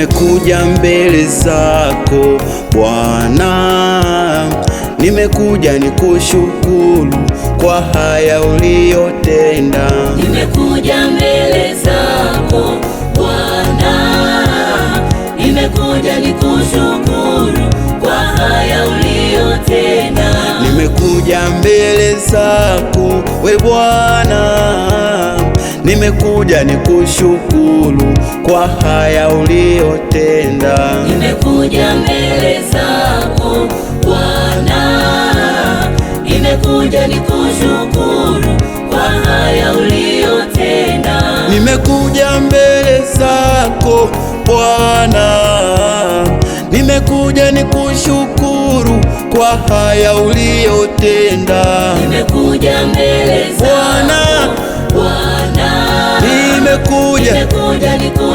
Nimekuja mbele zako Bwana, nimekuja nikushukuru kwa haya uliyotenda. Nimekuja mbele zako Bwana, nimekuja nikushukuru kwa haya uliyotenda. Nimekuja mbele zako we Bwana, nimekuja nikushukuru kwa haya uliyotenda. nimekuja mbele zako Bwana, nimekuja nikushukuru kwa haya uliyotenda. Nimekuja mbele zako Bwana, nimekuja nikushukuru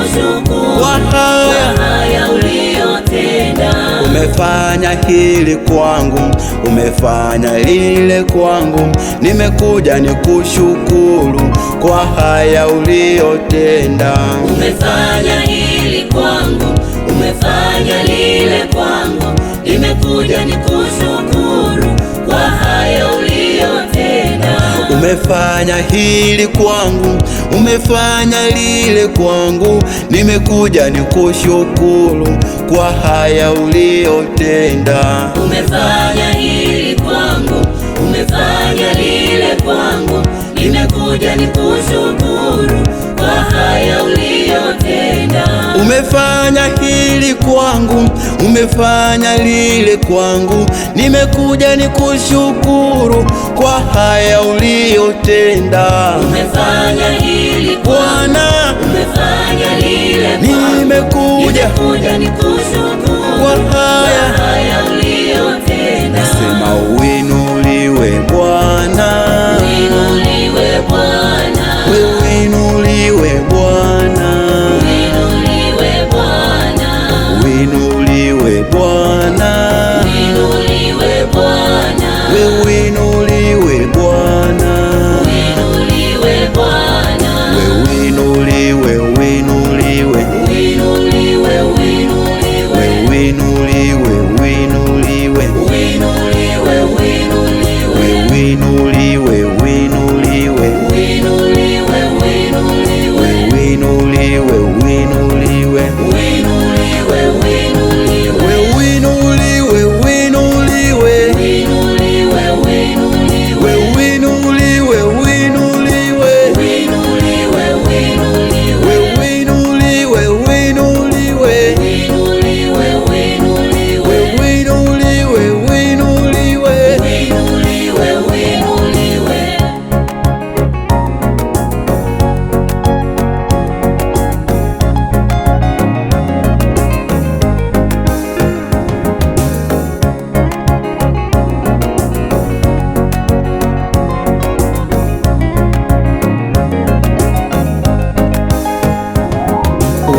umefanya hili kwangu, umefanya lile kwangu, nimekuja nikushukuru kwa haya uliyotenda. Umefanya hili kwangu, umefanya lile kwangu, nimekuja nikushukuru kwa haya uliyotenda. Umefanya hili kwangu, umefanya lile kwangu, nimekuja nikushukuru kwa haya uliotenda. Umefanya hili kwangu, umefanya lile kwangu, nimekuja nikushukuru kwa haya uliotenda. Umefanya hili kwangu, umefanya lile kwangu, nimekuja nikushukuru kwa haya uliotenda. Umefanya hili kwangu, umefanya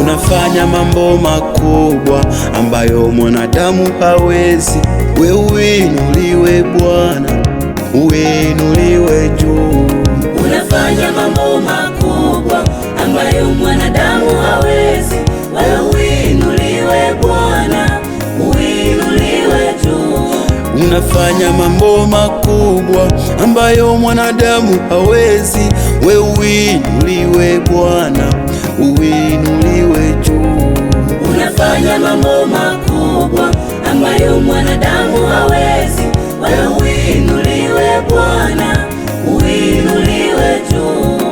unafanya mambo makubwa ambayo mwanadamu hawezi. We uinuliwe Bwana, uinuliwe juu. Unafanya mambo makubwa ambayo mwanadamu hawezi. We uinuliwe Bwana, uinuliwe juu. Unafanya mambo makubwa ambayo mwanadamu hawezi. We uinuliwe Bwana, uinuliwe unafanya mambo makubwa ambayo mwanadamu hawezi. Wewe uinuliwe Bwana, uinuliwe juu.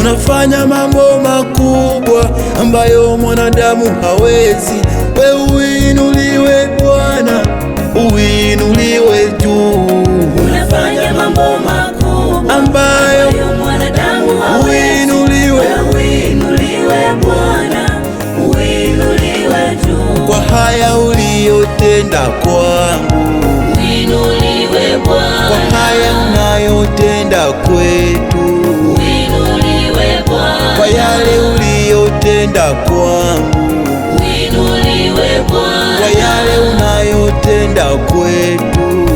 Unafanya mambo makubwa ambayo mwanadamu hawezi. Wewe uinuliwe haya uliyotenda kwangu, uinuliwe Bwana, kwa haya unayotenda kwetu, uinuliwe Bwana, kwa yale uliyotenda kwangu, uinuliwe Bwana, kwa yale unayotenda kwetu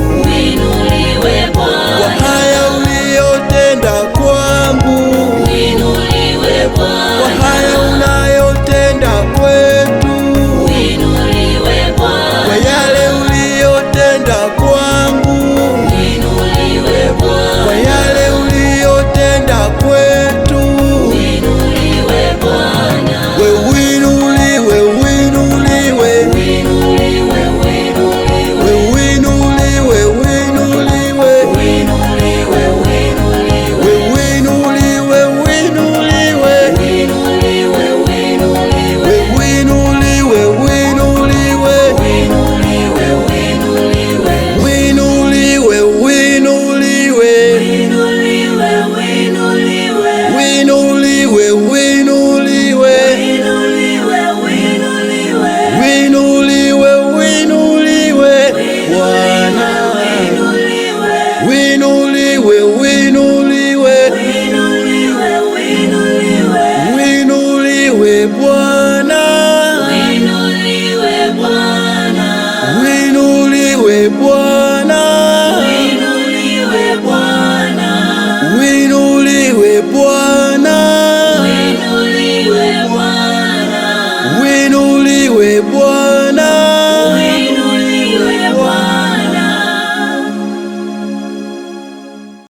Bwana, uinuliwe Bwana